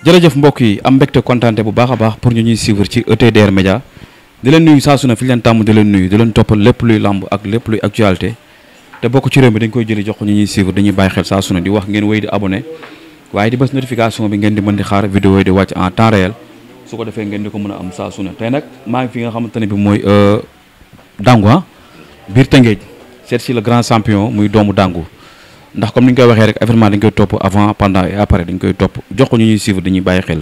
jërëjëf mbokk yi am mbégte kontaante bu baax a baax pour ñu ñuy suivre ci ETDR Média di leen nuyu saa su fi leen tàmm di leen nuyu di leen toppal lépp luy làmb ak lépp luy actualité te bokk ci réew mi dañ koy jëli jox ko ñu ñuy suivre dañuy bàyyi xel saa su di wax ngeen wéy di abonné waaye di bës notification bi ngeen di mën di xaar vidéo di wàcc en temps réel su ko defee ngeen di ko mën a am saasuna te ne nag maa ngi fi nga xamante ne bi mooy euh, Dangu ah biir Tëngéej seet si le muy doomu Dangu ndax comme ni ñu koy waxee rek événement dañ koy topp avant pendant et après dañ koy topp jox ko ñu ñuy suivre dañuy bàyyi xel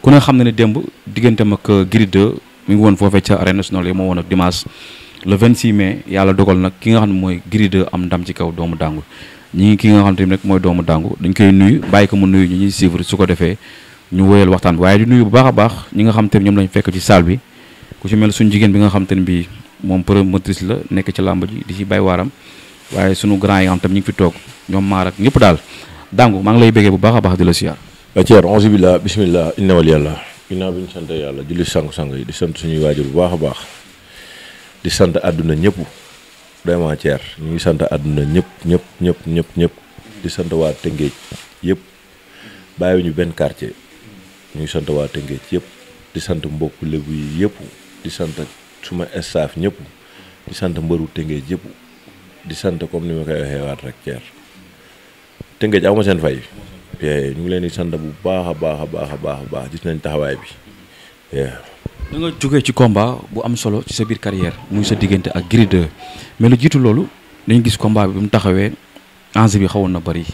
ku ne xam ne ne démb diggante ak euh, Gris 2 mi ngi woon foofee ca arène nationale yi moo woon ak dimanche le 26 mai yàlla dogal nag ki nga xam ne mooy Gris am ndam ci kaw doomu dàngu ñi ngi ki nga xam rek mooy doomu dàngu dañ koy nuyu bàyyi ko mu nuyu ñu ñuy suivre su ko defee ñu woyal waxtaan bi waaye di nuyu bu baax a baax ñi nga xam te ñoom lañ fekk ci salle bi ku ci mel suñu jigéen bi nga xam te ne bii moom promotrice la nekk ci làmb ji di ci bay waaram waaye sunu grand yi am tam ñu ngi fi toog ñoom maar ak ñëpp daal dangu maa ngi lay bu baax a baax di la siyaar Thierno onze billah bismillah inna wal yàlla inna bi ñu sant yàlla julli sang sang yi di sant suñuy waajur bu baax a baax di sant àdduna ñëpp vraiment Thierno ñu ngi sant àdduna ñëpp ñëpp ñëpp ñëpp ñëpp di sant waa Tëngéej yëpp bàyyiwuñu benn quartier ñu ngi sant waa yëpp di sant mbokk yi di sant suma staff ñëpp di sant mbëru yëpp di sante comme ni ma koy ya, ya, waxee waat rek Thier ya. Tëngéej aw ma seen fay. ñu ngi leen di sant bu baax a baax a baax a baax a baax gis nañ taxawaay bi. da nga jógee ci combat bu am solo ci sa biir carrière muy sa digente ak ah, Gris 2 mais lu jiitu loolu dañu gis combat bi bu mu taxawee enjeu bi xawoon na bëri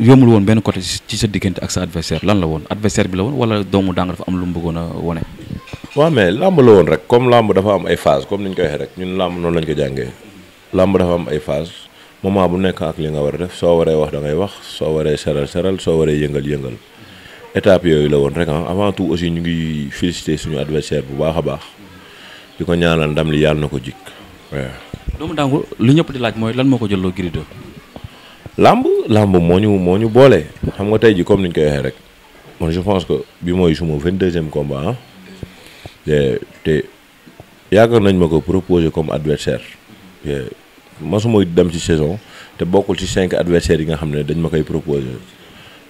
yombul won benn côté ci sa diggante ak sa adversaire lan la won adversaire bi la won wala doomu daanga dafa am lu mu a wone. waaw mais làmb la won rek comme làmb dafa am ay phase comme ni ñu koy waxee rek ñun làmb noonu lañ ko làmb dafa am ay phase moment bu nek ak li nga wara def so waree wax da ngay wax so waree seral seral so waree yëngal yëngal étape yoy la won rek ah. avant tout aussi ñu ngi féliciter suñu adversaire bu baaxa baax diko ñaanal ndam li yalla nako jik do mu Dangu li ñëpp di laaj moy lan moko jël lo grido lamb lamb moñu moñu bolé xam nga tay ji comme niñ koy waxee rek moi je pense que bi moy suma 22e combat hein té té yàgg nañ mako proposer comme adversaire ma su masuma dem ci saison te bokkul ci cinq adversaires yi nga xam ne dañ ma koy proposé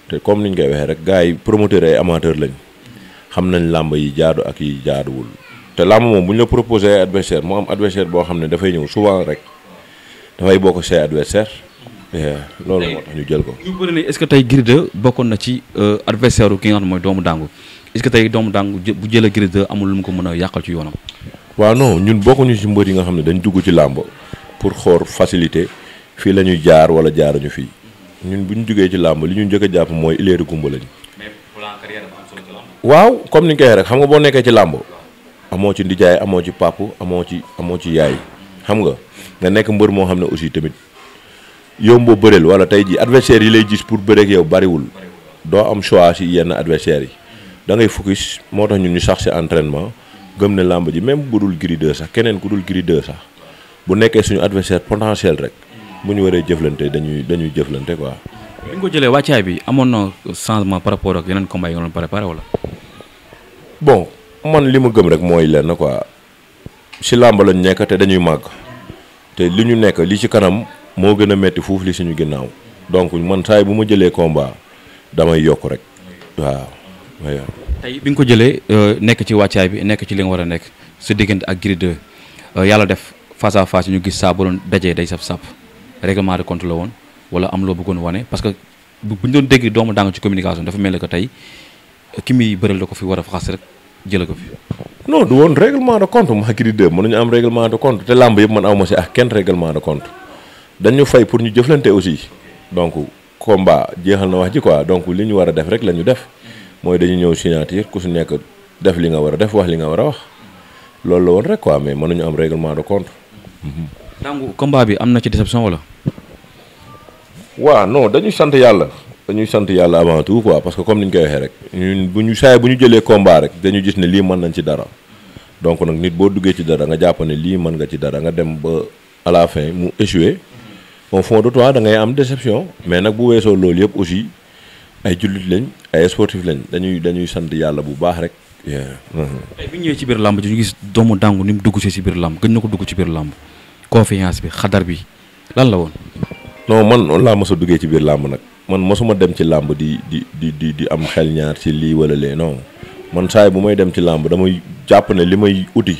te comme ni ñu koy waxee rek gars yi promoteurs ay amateurs lañ xam nañ làmb yi jaadu ak yi jaaduwul te làmb moom bu ñu la proposé ay adversaire mu am adversaire boo xam ne dafay ñëw souvent rek dafay bokk say adversaire eh, loolu moo tax ñu jël ko. ñu bëri ne est-ce que tey Gris 2 bokkoon na ci euh, adversaire ki nga xam ne mooy doomu dàngu est-ce que tey doomu dàngu bu jëlee Gris 2 amul lu mu ko mën a yàqal ci yoonam. waaw non ñun bokkuñu ci mbër yi nga xam ne dañ dugg ci làmb pour xool facilité fii la ñuy jaar wala jaaruñu fii ñun bu ñu duggee ci làmb li ñu njëkk a jàpp mooy ileeru gumba lañ. waaw comme ni ñu koy xam nga boo nekkee ci làmb amoo ci ndijaay amoo ci pàpp amoo ci amoo ci yaay xam nga nga nekk mbër moo xam ne aussi tamit yomboo bëreel wala tey ji adversaire yi lay gis pour bëreek yow bariwul doo am choix si yenn adversaires yi da ngay moo tax ñun ñu sax si entrainement gëm ne làmb ji même bu dul Gris sax keneen ku dul Gris 2 sax bu nekkee suñu adversaire potentiel rek bu ñu waree jëflante dañuy dañuy jëflante quoi. bi ko jëlee wàccaay bi amoon na changement par rapport ak yeneen combat yi nga doon préparé man li ma gëm rek mooy lenn quoi si làmb lañ nekk te dañuy màgg te li ñu nekk li ci kanam moo gën a metti fuuf li suñu ginnaaw donc man saay bu ma jëlee combat damay yokk rek waaw. tey bi nga ko jëlee euh, nekk ci wàccaay bi nekk ci li nga war a nekk sa diggante ak Gris 2 euh, yàlla def face à face ñu gis saa bu doon dajee day sab sab règlement de compte la woon wala am loo bëggoon wane parce que bu ñu doon dégg doomu daanga ci communication dafa mel ni que tey ki muy bëral da ko fi war a faxas rek jële ko fi. non du woon règlement de compte ma Gris 2 mënuñu am réglement de compte te làmb yëpp man aw ma si ak kenn règlement de compte dañu fay pour ñu jëflante aussi donc combat jeexal na wax ji quoi donc li ñu war a def rek la ñu def. mooy dañu ñëw signature ku si nekk def li nga war a def wax li nga war a wax loolu la woon rek quoi mais mënuñu am règlement de compte. donc mhm. combat bi am na ci déception wala. waaw non dañuy sant yàlla. dañuy sant yàlla avant tout quoi parce que comme ni ñu koy waxee rek ñun bu ñu saay bu ñu jëlee combat rek dañu gis ne lii mën nañ ci dara donc nag nit boo duggee ci dara nga jàpp ne lii mën nga ci dara nga dem ba à la fin mu échoué au fond de toi da ngay am déception mais nag bu weesoo loolu yëpp aussi. ay jullit lañ ay sportif lañ dañuy dañuy sant yàlla bu baax rek. tey bi ñëwee ci biir làmb ji ñu gis doomu dàngu ni mu dugg si si biir làmb gën na dugg ci biir làmb confiance bi xadar bi lan la woon. non man noonu laa mos a duggee ci biir làmb nag man mosuma dem ci làmb di di di di di am xel ñaar ci lii wala lee non man saay bu may dem ci làmb damay jàpp ne li may uti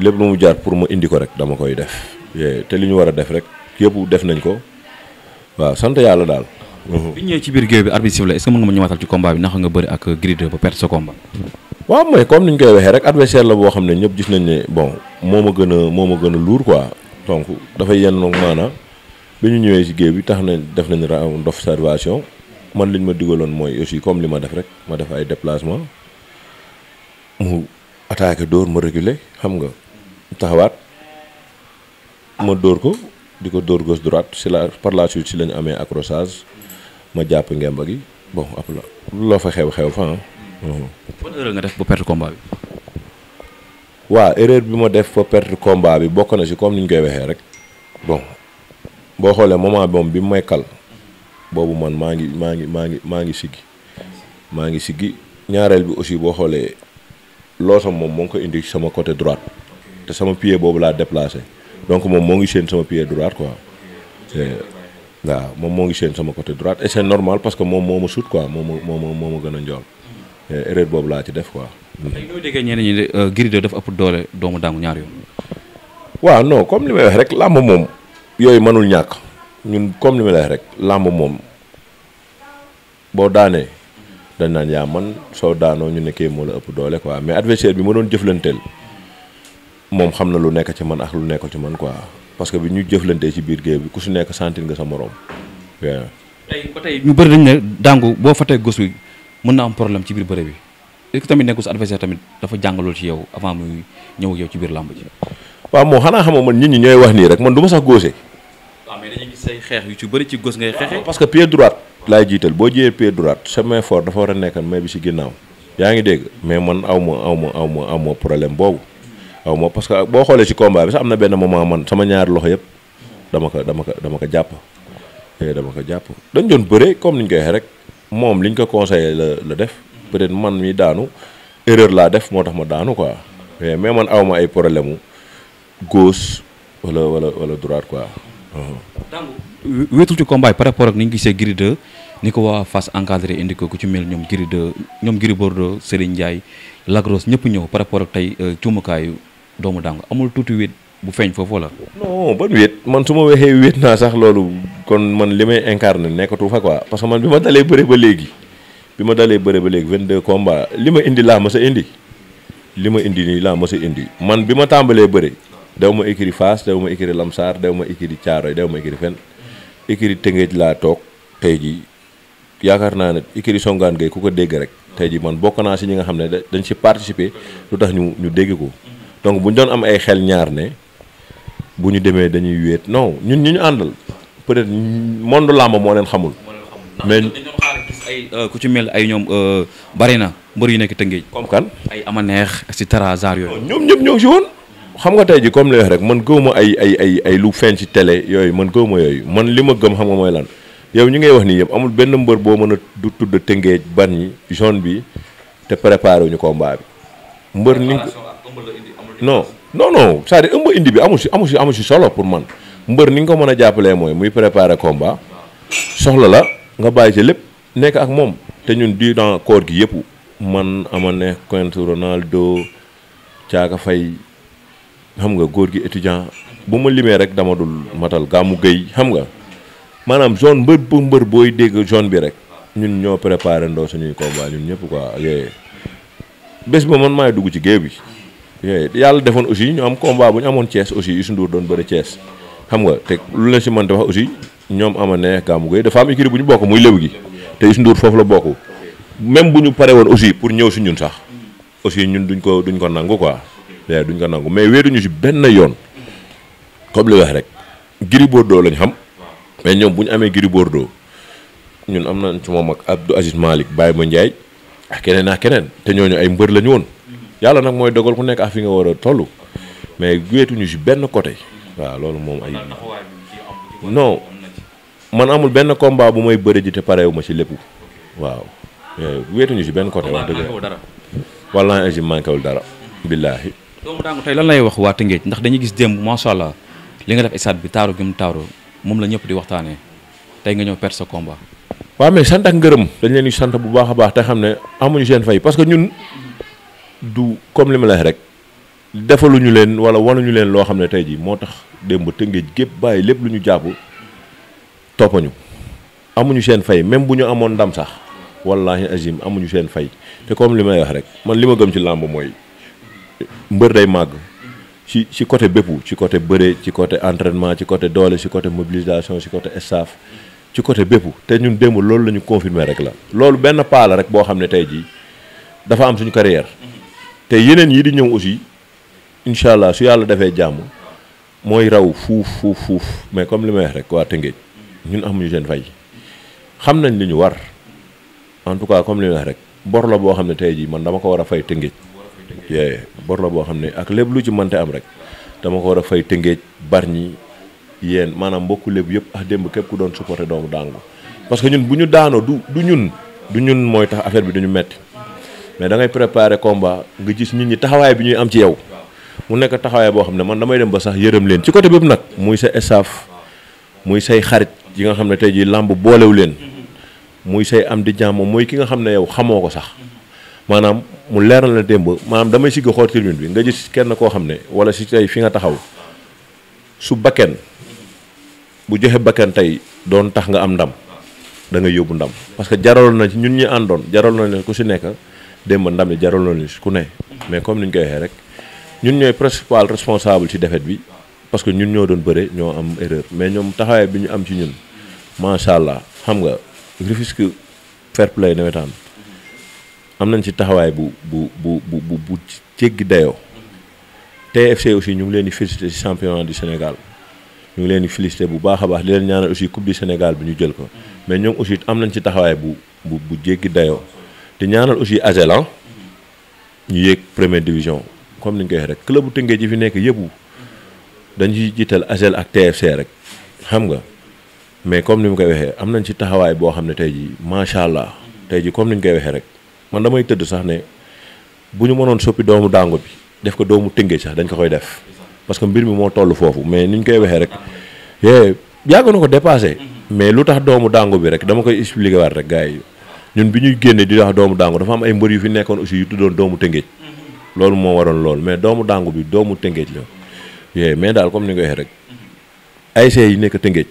lépp lu mu jaar pour ma indi ko rek dama koy def te li ñu war a def rek yëpp def nañ ko waaw sant yàlla daal. bi ñëwee ci biir géew bi arbitre siffle est-ce que mën nga ma ñëwaatal ci combat bi naka nga bëri ak Gris 2 ba perte sa combat waaw mooy comme niñ koy waxee rek adversaire la boo xam ne ñëpp gis nañ ne bon moo ma gën a moo ma gën a luur quoi donc dafa yenn maana bi ñu ñëwee ci géew bi tax na def nañ round d'observation man liñ ma digaloon mooy aussi comme li ma def rek ma def ay déplacement mu attaqué dóor ma reculer xam nga taxawaat ma dóor ko di ko dóor gauche droite si la par si lañu amee accrochage ma jàpp ngemba gi bon après loo fa xew xew fa ah. ban erreur def ba perte bi. waaw erreur bi ma def ba perte combat bi bokk na si comme ni ñu koy wexee rek bon boo xoolee moment moom bi mu may kal boobu man maa ngi maa ngi maa ngi maa ngi siggi maa ngi siggi ñaareel bi aussi boo xoolee loo sam moom moo ngi ko indi sama côté droite te sama pied boobu laa déplacé. donc moom moo ngi chaîne sama pied droite quoi eh, waaw moom moo ngi chaîne sama côté droite et c'est normal parce que moom moo ma sut quoi moo ma moo ma gën a njool eh, erreur boobu laa ci def quoi. léegi ñoo déggee ñeneen ñi euh, Gris 2 dafa ëpp doole doomu daangu ñaar yoon. waaw non comme li may wax rek làmb moom yooyu mënul ñàkk ñun comme li may rek làmb moom boo daanee dañ naan yaa man soo daanoo ñu nekkee moo la ëpp doole quoi mais adversaire bi ma doon jëflanteel. moom xam na lu nekk ci man ak lu nekkul ci man quoi parce que bi ñu jëflantee ci biir géew bi ku si nekk sentir nga sa morom. tey ba tey bëri dañ ne dàngu boo fatee gos bi mën na am problème ci biir bëre bi est tamit nekkul sa adversaire tamit dafa jàngalul ci yow avant muy ñëw yow ci biir làmb ji. waaw moo xanaa xamoo man nit ñi ñooy wax nii rek man du ma sax góose. waaw mais say xeex yu ci bëri ci gos ngay xeexee. parce que pied droite laay jiital boo jiyee pied droite sa main fort dafa war a nekk may bi si ginnaaw yaa ngi dégg mais man aw ma aw ma aw ma aw boobu aw ma parce que boo xoolee si combat bi sax am na benn moment man sama ñaari loxo yëpp dama ko dama ko dama ko jàpp eh, dama ko jàpp dañ doon bëre comme niñ koy waxee rek moom liñ ko conseillé la la def peut-être man mi daanu erreur laa def moo tax ma daanu quoi eh, mais man awma ay problème mu gauche wala wala wala droite quoi. Uh-huh. donc wéetul ci combat par rapport ak ni ñu gisee Gris 2 ni ko waa Fass encadré indi ko ku ci mel ñoom Gris 2 ñoom Gris Bordeaux Serigne Ndiaye Lagros ñëpp ñëw par rapport ak tey euh, cuumakaayu. doomu dàngu amul tuti wet bu feñ fofu la. non ban wet man suma ma wet na sax lolu kon man limay may incarné nekkatu fa quoi parce que man bima dalé dalee ba légui bima dalé dalee ba légui 22 combat lima indi la ma sa indi Lima indi ni la ma sa indi man bima tambalé tàmbalee bëre daw ma écrit face daw ma écrit lamsar daw ma écrit Ikiri daw ma écrit fen écrit tengej la tok tey jii yaakaar na ne écrit Songane Gueye ku rek man bokk naa si ñi nga xam dañ ci participer lutax ñu ñu dégg ko. donc bu ñu doon am ay xel ñaar ne bu ñu demee dañuy wéet non ñun ñu ñu àndal peut-être monde làmb moo leen xamul. mais ay euh, ku ci mel ay ñoom euh, bari na mbër yu nekk Tëngéej. comme kan ay ama neex et cetera yooyu. ñoom ñëpp ñoo woon. xam nga tey ji comme li rek man gëwma ay ay ay ay lu feeñ ci télé yooyu man gëwma yooyu man li ma gëm xam nga mooy lan yow ñu ngay wax nii yëpp amul benn mbër boo mën a du tudd Tëngéej ban ñi zone bi te préparé wu ñu combat bi mbër ni non non non cest à ëmb indi bi amu si amu si amu si solo pour man mbër ni nga ko mën a jàppalee mooy muy préparer combat soxla la nga bàyyi ci lépp nekk ak moom te ñun di dans koor gi yëpp man ama ne Quentin Ronaldo Thiaka Faye xam nga góor gi étudiant bu ma limee rek dama dul matal gàmmu géy xam nga maanaam zone mbër bu mbër booy dégg zone bi rek ñun ñoo préparé ndoo suñuy combat ñun ñëpp quoi yooyu bés ba man maay dugg ci géew bi yàlla defoon aussi ñu am combat bu ñu amoon Thiès aussi Youssou Ndour doon bëri Thiès xam nga te lu la si mën te wax aussi ñoom ama ne Gamou Gueye dafa am écurie bu ñu bokk muy léw gi te Youssou Ndour foofu la bokk même bu ñu pare woon aussi pour ñëw si ñun sax aussi ñun duñ ko duñ ko nangu quoi waaw duñ ko nangu mais wéeruñu si benn yoon comme li wax rek Gris Bordeaux lañ xam mais ñoom bu ñu amee Gris Bordeaux ñun am nañ su moom ak Abdou Aziz Malick Baye Ma Ndiaye ak keneen ak keneen te ñooñu ay mbër lañu woon yàlla nag mooy dogal ku nekk ak fi nga war a toll mais wéetuñu si benn côté waaw loolu moom ay no man amul benn combat bu may bëri ji te pareewu ma si lépp waaw wéetuñu si benn côté wax dëgg wala agim manquéwul dara billaahi doomu daangu tey lan lay wax waa Tëngéej ndax dañuy gis démb macha allah li nga def stade bi taaru gi mu taaru moom la ñëpp di waxtaanee tey nga ñëw perte sa combat waaw mais sant ak ngërëm dañ leen sant bu baax a baax te xam ne amuñu seen fay parce que ñun du comme li ma la lay rek defaluñu leen wala wanuñu leen loo xam ne tey jii moo tax démb tëngéej gépp bàyyi lépp lu ñu jàpp toppañu amuñu seen fay même bu ñu amoon ndam sax wallahi azim amuñu seen fay te comme li ma may wax rek man li ma gëm ci làmb mooy mbër day màgg ci ci côté bépp ci côté bëre ci côté entraînement ci côté doole ci côté mobilisation ci côté staff ci côté bépp te ñun démb loolu la ñu confirmer rek la loolu benn pas rek boo xam ne tey jii dafa am suñu carrière te yeneen yi di ñëw aussi incha allah su yàlla defee jàmm mooy raw fuuf fuuf fuuf mais comme li may rek waa Tëngéej ñun amuñu seen fay xam nañ li ñu war en tout cas comme li may rek bor la boo xam ne tey jii man dama ko war a fay Tëngéej. yee bor la boo xam ne ak lépp lu ci mante am rek dama ko war a fay Tëngéej bari ñi yéen maanaam mbokku lépp yëpp ak ah, démb képp ku doon supporté doomu daangu parce que ñun bu ñu daanoo du ñun du ñun mooy tax affaire bi duñu metti mais da ngay préparer combat nga gis nit ñi taxawaay bi ñuy am ci yow. mu nekk taxawaay boo xam ne man damay dem ba sax yërëm leen ci côté bépp nag muy sa staff muy say xarit yi nga xam ne tey jii làmb boolewu leen muy say am di jàmm mooy ki nga xam ne yow xamoo ko sax maanaam mu leeral la démb maanaam damay sigg xool tribune bi nga gis kenn koo xam ne wala si tey fi nga taxaw su bakken bu joxe bakken tey doon tax nga am ndam da nga yóbbu ndam parce que jaraloon na ci ñun ñi àndoon jaraloon na ku si nekk. démb ndam li jaraloon li ku ne. mais comme ni ñu koy waxee rek ñun ñooy principal responsable ci defet bi parce que ñun ñoo doon bëre ñoo am erreur mais ñoom taxawaay bi ñu am ci ñun macha allah xam nga Rufisque fair play nawetaan am nañ ci taxawaay bu bu bu bu bu jéggi dayoo. TFC aussi ñu ngi leen di félicité ci championnat du Sénégal ñu ngi leen di félicité bu baax a baax di leen ñaanal aussi coupe du Sénégal bi ñu jël ko mais ñoom aussi am nañ ci taxawaay bu bu bu jéggi dayoo. di ñaanal aussi Azelan ñu yéeg première division comme ni ñu koy waxee rek club bu Tëngéej ji fi nekk yëpp dañ ci jiital Azel ak TFC rek xam nga mais comme ni mu koy waxee am nañ ci taxawaay boo xam ne tey jii macha allah tey ji comme ni ñu koy waxee rek man damay tëdd sax ne bu ñu mënoon soppi doomu dàngo bi def ko doomu Tëngéej sax dañ ko koy def parce que mbir mi moo toll foofu mais ni koy waxee rek yee yàgg na ko dépassé mhm. mais lu tax doomu dàngo bi rek dama koy expliquer waat rek yi. ñun bi ñuy génne di wax doomu dàngu dafa am ay mbër yu fi nekkoon aussi yu tuddoon doomu tëngéej mm-hmm. loolu moo waroon lool mais doomu dàngu bi doomu tëngéej la yooyu mais daal comme ni nga waxee rek mm-hmm. yi nekk tëngéej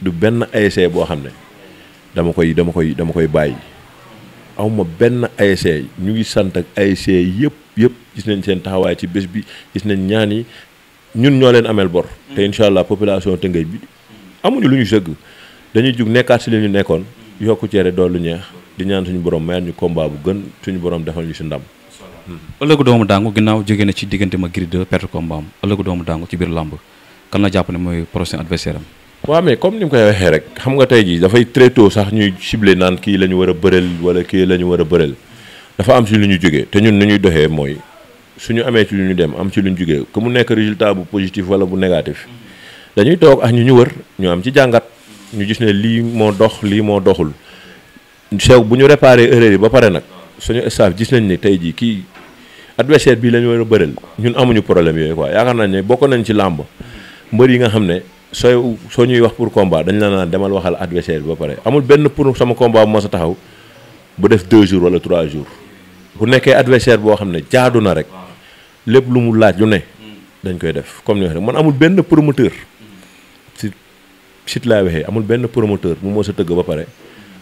du benn ASC boo xam ne dama koy dama koy dama koy bàyyi awma benn ASC ñu ngi sant ak ASC yëpp yëpp gis nañ seen taxawaay ci bés bi gis nañ ñaan yi ñun ñoo leen ameel bor mm-hmm. te incha allah population tëngéej bi amuñu lu ñu sëgg dañuy jug nekkaat si li ñu nekkoon yokku cere lu ñeex di ñaan suñu borom mayal ñu combat bu gën suñu borom defal ñu si ndam. ëllëgu doomu daangu ginnaaw jógee na ci diggante ma Gris 2 perte combat am ëllëgu doomu daangu ci biir làmb kan la jàpp ne mooy prochain adversaire am. waaw comme ni mu koy waxee rek xam nga tey jii dafay très tôt sax ñuy ciblé naan kii la ñu war a bëreel wala kii la ñu war a bëreel dafa am si lu ñu jógee te ñun nu ñuy doxee mooy suñu amee ci lu ñu dem am ci lu ñu jógee que mu nekk résultat bu positif wala bu négatif dañuy toog ak ñu ñu wër ñu am ci jàngat ñu gis ne lii moo dox lii moo doxul Cheikh bu ñu réparé erreur yi ba pare nag suñu staff gis nañ ne tey jii kii adversaire bii la ñu war a bëreel ñun amuñu problème yooyu quoi yaakaar nañ ne bokk nañ ci làmb mbër yi nga xam ne sooy soo ñuy wax pour combat dañ la naan demal waxal adversaire bi ba pare amul benn pour sama combat bu sa taxaw bu def deux jours wala trois jours bu nekkee adversaire boo xam ne jaadu na rek lépp lu mu laaj lu ne dañ koy def comme ni wax rek amul benn promoteur si sit laa wexee amul benn promoteur bu moo sa tëgg ba pare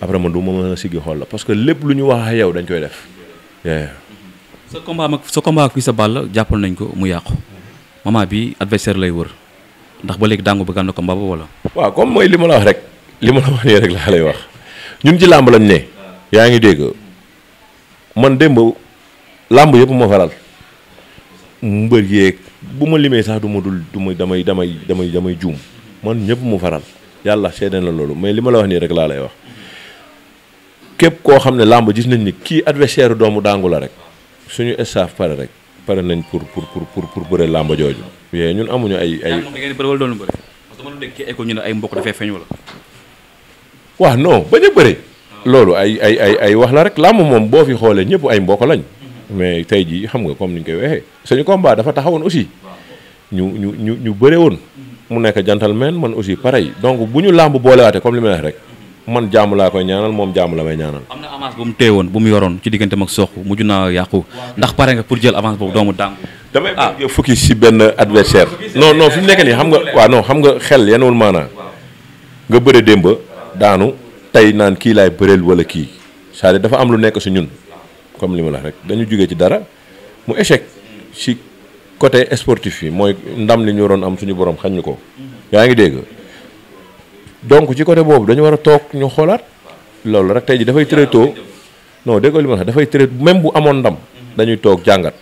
après ma du ma mën a siggi la parce que lépp lu ñu wax ak yow dañ koy def. sa combat mag sa combat ak sa bàll jàppal nañ ko mu yàqu moment bi adversaire lay wër ndax ba léegi dàngu bëgg na combat ba wala. waaw comme mooy li ma la wax rek li ma la wax nii rek laa lay wax ñun ci làmb lañ ne. yaa ngi dégg man démb làmb yëpp ma faral mbër yeeg bu ma limee sax du ma dul du ma damay damay damay damay juum man ñëpp mu faral yàlla seede na loolu mais li ma la wax nii rek laa lay wax. képp koo xam ne làmb gis nañ ni kii adversaire doomu daangu la rek suñu staff pare rek pare nañ pour pour pour pour pour bëre làmb jooju. yee ñun amuñu ay ay. ñu ne ay mbokk dafay feeñ la waaw non bañ a bëri. loolu ay ay ay ay wax la rek làmb moom boo fi xoolee ñëpp ay mbokk lañ. mais tey jii xam nga comme ni ñu koy waxee suñu combat dafa taxawoon aussi. ñu ñu ñu ñu bëre woon. mu nekk gentleman man aussi pareil donc bu ñu làmb boolewaatee comme li may wax rek. man jaamu la koy ñaanal mom jaamu la may ñaanal. amna avance bu mu téewon bu mu yoron ci digënté mak soxu mu juna yaqku ndax paré nga pour jël avance bobu doomu dang damay ah. bëgg fukki ci ben adversaire. non non fi nekk ni xam nga wa non xam nga xel yenul mana nga bëre demba daanu tay naan ki lay bërel wala ki cest dafa am lu nekk si ñun comme limu la rek dañu juggé ci dara mu échec ci côté sportif yi ndam li ñu ron am suñu borom xañ ya ko yaa dégg. donc ci côté boobu dañu war a toog ñu xoolaat loolu rek tey ji dafay très tôt non déggoo li ma la dafay très bu amoon ndam dañuy toog jàngat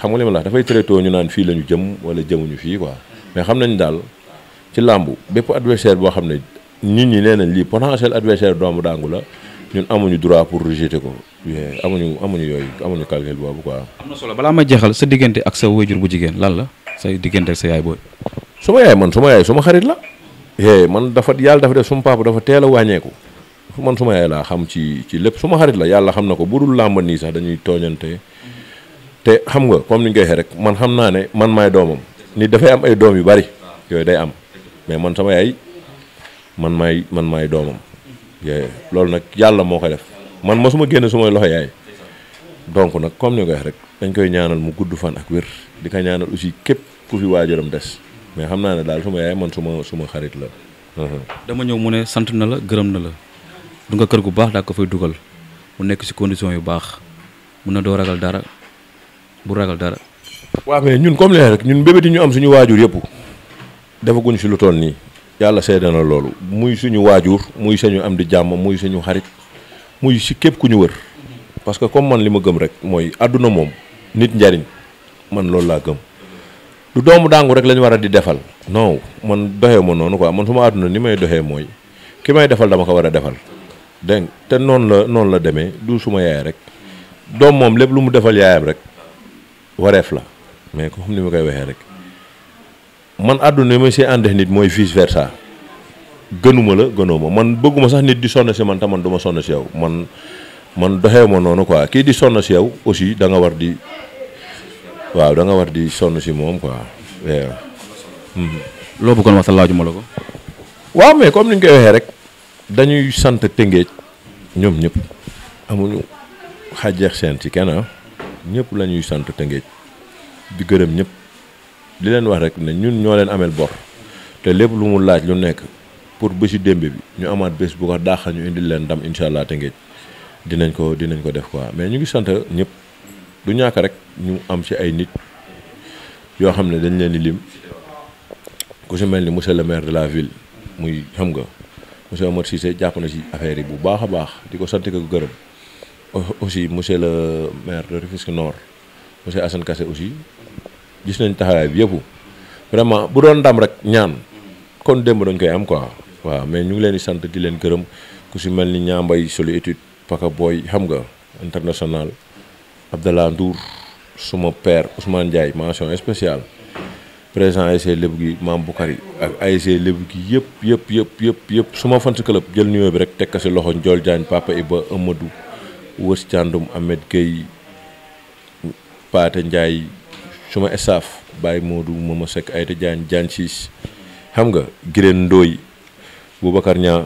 xam nga li ma la dafay très tôt ñu naan fii la ñu jëm wala jëmuñu fii quoi mais xam nañ daal ci làmb bépp adversaire boo xam ne nit ñi nee nañ lii potentiel adversaire doomu daangu la ñun amuñu droit pour rejeter ko amuñu amuñu yooyu amuñu calcul boobu quoi. solo balaa ma jeexal sa diggante ak sa wéjur bu jigéen lan la say diggante ak sa yaay booy. suma yaay man ma yaay suma xarit la. man dafa yàlla dafa def suma papa dafa teel a wàññeeku man suma yaay laa xam ci ci lépp suma xarit la yàlla xam na ko bu dul làmba nii sax dañuy tooñante te xam nga comme ni ñu koy rek man xam naa ne man maay doomam ni dafay am ay doom yu bari yooyu day am mais man sama yaay man maay man maay doomam loolu nag yàlla moo koy def man mosuma génn sumay loxo yaay donc nag comme ni ñu rek dañ koy ñaanal mu gudd fan ak wér di ko ñaanal aussi képp ku fi waajuram des mais xam naa ne daal suma yaay man suma suma xarit la dama ñëw mu ne sant na la gërëm na la du nga kër gu baax daa ko fay dugal mu nekk si condition yu baax mu ne doo ragal dara bu ragal dara waaw mais ñun comme leen rek ñun bébét ñu am suñu waajur yëpp defaguñ si lu toll nii yàlla seede na loolu muy suñu waajur muy suñu am di jàmm muy suñu xarit muy si képp ku ñu wër parce que comme man li ma gëm rek mooy àdduna moom nit njariñ man loolu laa gëm du doomu dàngu rek la war a di defal non man doxee ma noonu quoi man suma àdduna ni may doxee mooy ki may defal dama ko war a defal dégg te noonu la noonu la demee du suma yaay rek doom moom lépp lu mu defal yaayam rek wareef la mais ko xam ni ma koy waxee rek man àdduna ni ma si àndee nit mooy vice versa gënuma la gënoo ma man bëgguma sax nit di sonn si man te man du ma sonn si yow man man doxee ma noonu quoi kii di sonn si yow aussi danga nga war di waaw da nga war di sonn si moom quoi. Hmm. loo bëggoon wax sa laajuma la ko. waaw mais comme ni ñu koy waxee rek dañuy sant Tëngéej ñoom ñëpp amuñu xàjjeex seen ci kenn ah. ñëpp lañuy sant Tëngéej di gërëm ñëpp di leen wax rek ne ñun ñoo leen ameel bor te lépp lu mu laaj lu nekk pour bési démb bi ñu amaat bés bu ko daax ñu indil leen ndam incha allah Tëngéej dinañ ko dinañ ko def quoi mais ñu ngi sant ñëpp. du ñàkk rek ñu am ci ay nit yoo xam dañ leen lim ku si mel ni monsieur le maire de la ville muy xam nga monsieur Omar Cissé jàpp na ci affaire bu baax baax di ko sant ko gërëm aussi monsieur le maire de Rufisque Nord monsieur Assane Kassé aussi gis nañ taxawaay bi yëpp vraiment bu doon ndam rek ñaan kon démb dañ koy am quoi waaw mais ñu ngi leen di sant di leen gërëm ku si mel ni ñaambay solo étude paka Boy xam nga international Abdallah Ndour suma père Ousmane Diaye mention spéciale président ASC Lébu gi mam Boukari ak ASC Lébu gi yep yep yep yep yep suma fante club jël nuyoo bi rek tek ci loxo ndol Diagne Papa Iba Amadou Wës Thiandoum Ahmed gay Paate ndjay suma staff Baye Modou Mama sek ayta Diagne Diagne Ciss xam nga ndoy Ndoye Boubacar nya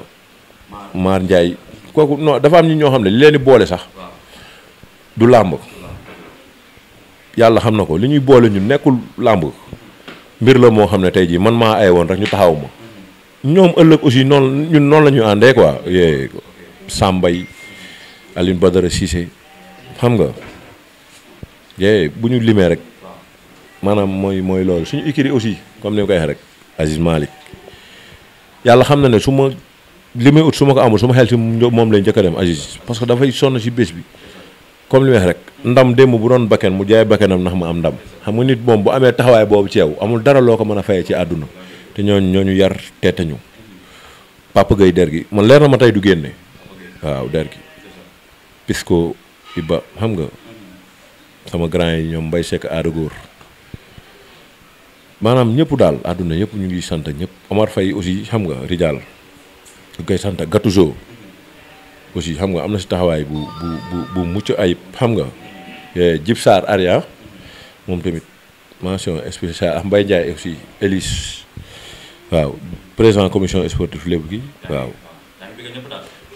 Mar ndjay koku non dafa am ñi ñoo xamne li leen di boole sax du lamb yàlla xam na ko li ñuy boole ñu nekkul làmb mbir la moo xam ne tey jii man maa ay woon rek ñu taxaw ma ñoom ëllëg aussi noonu ñun noonu la ñu àndee quoi yee Sambay Aline Badara Cissé xam nga yee bu ñu limee rek maanaam mooy mooy loolu suñu écurie aussi comme ni ma rek Aziz Malick yàlla xam na ne su ma li may ut su ma ko amul su ma xel si moom lay njëkk a dem Aziz parce que dafay sonn si bés bi comme li may wax rek ndam démb bu doon bakken mu jaay bakkenam ndax mu am ndam xam nga nit moom bu amee taxawaay boobu ci amul dara loo ko mën a fayee ci àdduna te ñoo ñooñu yar teetañu Papa Gueye der gi man leer na ma tey du génne waaw der gi Pisco Iba xam nga sama grand yi ñoom mbay Seck aada góor maanaam ñëpp daal àdduna ñëpp ñu ngi sant ñëpp Omar Faye aussi xam nga rijaal ñu koy sant Gatouzo aussi xam nga am na si taxawaay bu bu bu bu mucc ayib xam nga eh, Djib Sarr Aria moom tamit mention spéciale ak ah, Mbaye Ndiaye aussi Elise waaw président commission sportive lébu gi waaw.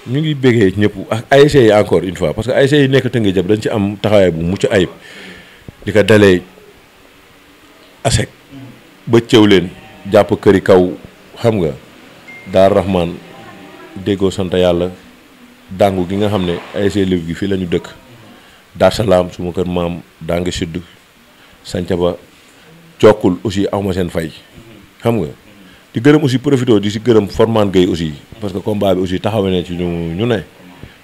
ñu ngi bëggee ñëpp ak ASC yi encore une fois parce que ASC yi nekk Tëngéej dañ ci am taxawaay bu mucc ayib di ko dalee asek ba cëw leen jàpp këri kaw xam nga daar Rahman déggoo sant yàlla. dàngu gi nga xam ne ASC Lebougui gi fii la ñu dëkk Dar Salaam suma kër maam dàng sud ba cokkul aussi awma seen fay xam nga di gërëm aussi profité di si gërëm Formane Gueye aussi parce que combat bi aussi taxawe ne ci ñu ñu ne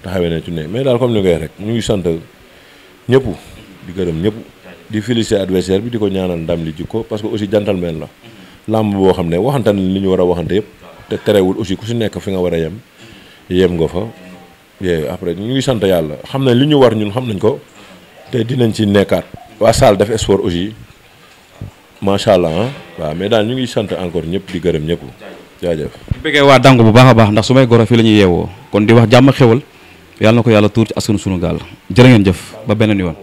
taxawe ne ci ne mais daal comme ni ngay rek ñu ngi sant ñëpp di gërëm ñëpp di féliciter adversaire bi di ko ñaanal ndam li jikko parce que aussi gentleman la làmb boo xam ne waxanta na li ñu war a waxante yëpp te terewul aussi ku si nekk fi nga war a yem yem nga fa yee après ñu ngi sant yàlla xam nañ li ñu war ñun xam nañ ko te dinañ ci nekkaat waa salle def sport aussi macha allah ah. waa mais daal ñu ngi sant encore ñëpp di gërëm ñëpp jaajëf ñu bëggee waa dangu bu baax a baax ndax su may goro fii la ñuy yeewoo kon di wax jàmm xewal yàlla na ko yàlla tuur ci askanu sunu gaal jërë ngeen jëf ba beneen yoon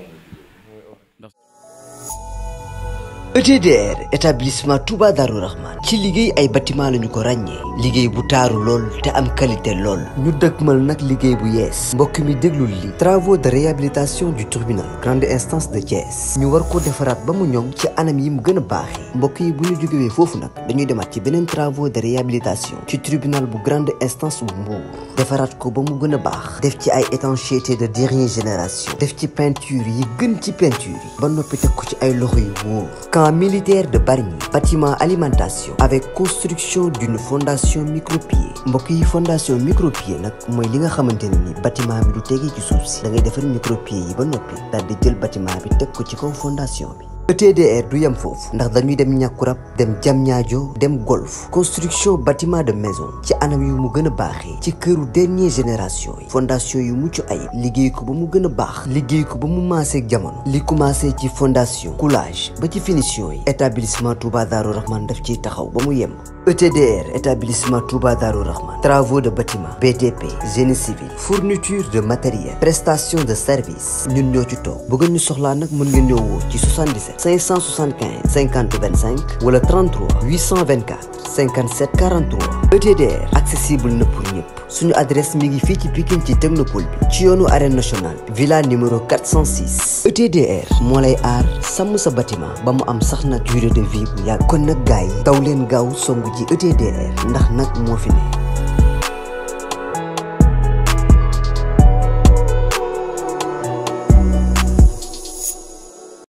ETDR établissement Touba Darou Rahman ci liguey ay bâtiment lañu ko ragné liguey bu taru lol té am qualité lol ñu dëgmal nak liguey bu yees mbokk mi déglul li travaux de réhabilitation du tribunal grande instance de Thiès ñu war ko défarat ba mu ñoŋ ci anam yi mu gën a mbokk yi bu ñu jógewee fofu nak dañuy demaat ci benen travaux de réhabilitation ci tribunal bu grande instance bu Mbour défarat ko ba mu gëna bax def ci ay étanchéité de dernière génération def ci peinture yi gën ci peinture yi ba noppi teg ko ci ay loxo yu wóor militaire de Bargny bâtiment alimentation avec construction d'une fondation micropieux mbokk fondation micropieux nak moy li nga xamanteni ni bâtiment bi du tegee ci suuf si da ngay defar micropieux yi ba nopi dal di jël bâtiment bi teg ko ci kaw fondation bi ETDR du yem foofu ndax dañuy dem ñàkkurab dem jamñaajo dem golf construction bâtiment de maison ci anam yu mu gën a baaxee ci këru dernier génération yi fondation yu mucc ay liggéey ko ba mu gën a baax liggéey ko ba mu maasee jamono li commencé ci fondation coulage ba ci finition yi établissement Touba Darou Rahman daf ciy taxaw ba mu yem ETDR, établissement Touba Darou Rahman, travaux de bâtiment, BDP génie civil, fourniture de matériel, prestation de service ñun ñoo ci toog bu ñu soxlaa nag mën 77 575 50 25 wala 33 824 57 43 ETDR accessible na pour ñëpp suñu adresse mi ngi fii ci Pikine ci technopole bi ci yoonu villa numéro 406 ETDR moo lay aar sàmm sa bâtiment ba mu am de vie bu yàgg kon songu ji ETDR ndax nag moo fi ne